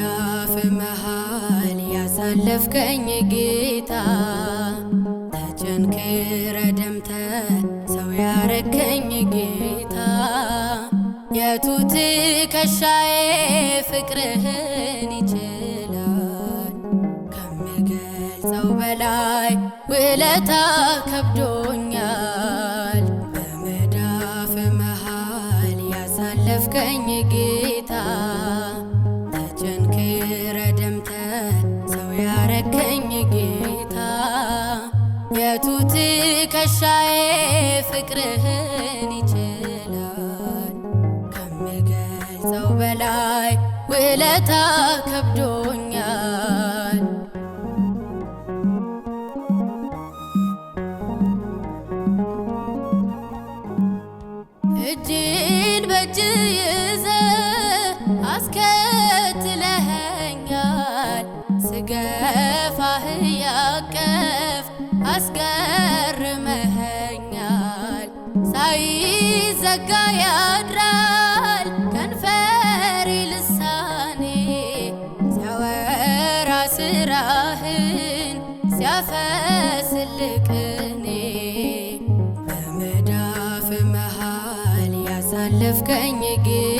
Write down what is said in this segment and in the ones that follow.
በአእላፍ መሃል ያሳለፍከኝ ጌታ ተጨንክረ ደምተ ሰው ያረከኝ ጌታ የቱ ትከሻዬ ፍቅርህን ይችላል ከሚገልጸው በላይ ውለታ ከብዶኛል በመዳፍ መሃል ያሳለፍከኝ ጌታ ሰጠኝ ጌታ የቱ ትከሻዬ ፍቅርህን ይችላል ከሚገልጸው በላይ ውለታ ከብዶኛል። እጅን በእጅ ይዘ አስከትለህ ገፋህ ያቀፍ አስገርመኸኛል ሳይዘጋ ያድራል ከንፈሪ ልሳኔ ሲያወራ ስራህን ሲያፈስልቅኔ በመዳፍ መሃል ያሳለፍከኝ ግን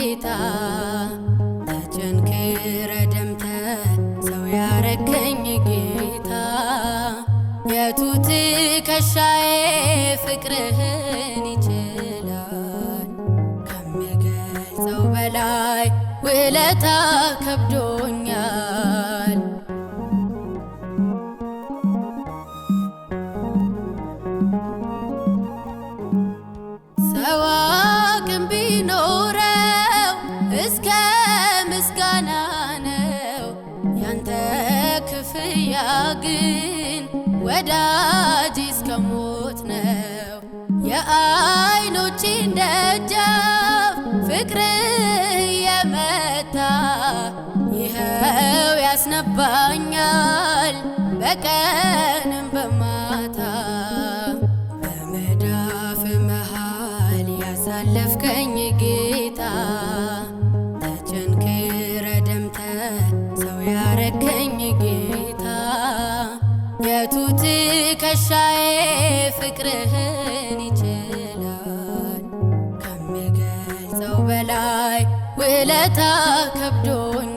ውለታ ከብዶኛል ሰው አቅም ቢኖረው እስከ ምስጋና ነው ያንተ ክፍያ ግን ወዳጅ እስከ ሞት ነው የአይኖችን ደጃፍ ፍቅር ያስነባኛል በቀንም በማታ በመዳፍ መሃል ያሳለፍከኝ ጌታ ተቸንክረ ደምተ ሰው ያረከኝ ጌታ የቱ ትከሻዬ ፍቅርህን ይችላል ከሚገልጸው በላይ ውለታ ከብዶኝ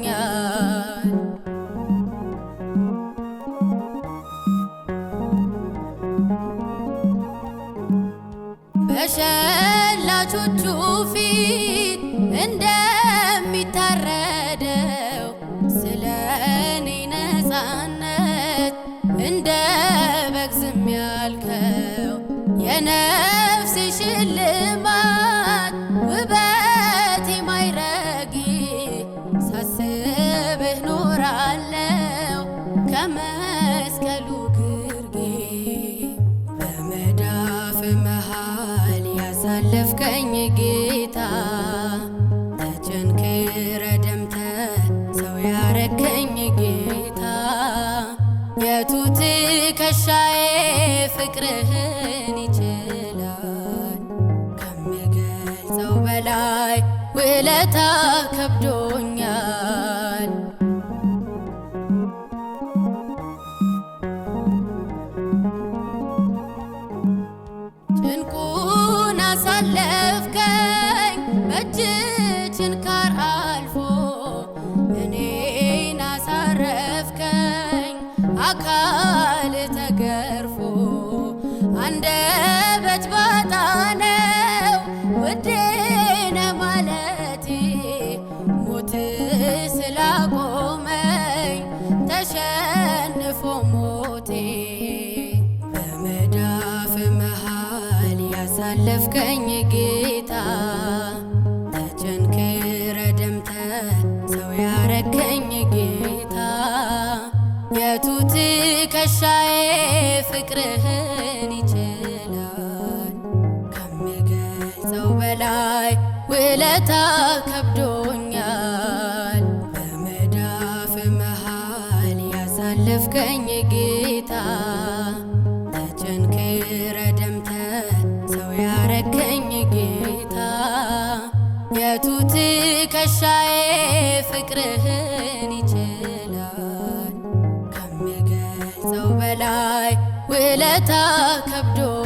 ሽልማት ውበት ማይረጊ ሳስብህ ኖራለው ከመስቀሉ ግርጌ በመዳፍ መሃል ያሳለፍከኝ ጌታ ተቸንክረ ደምተ ሰው ያረከኝ ጌታ የቱ ትከሻዬ ፍቅርህ ላይ ውለታ ከብዶኛል ጭንቁን አሳለፍከኝ በእጅ ችንካር አልፎ እኔን አሳረፍከኝ አካል ተገርፎ አንደ ያዳንከኝ ጌታ ተጨንክረ ደምተ ሰው ያረከኝ ጌታ የቱ ትከሻዬ ፍቅርህን ይችላል ከምገልጸው በላይ ውለታ ከብዶኛል በመዳፍ መሃል ያሳለፍከኝ ጌታ ትከሻዬ ፍቅርህን ይችላል ከምገልጸው በላይ ውለታ ከብዶ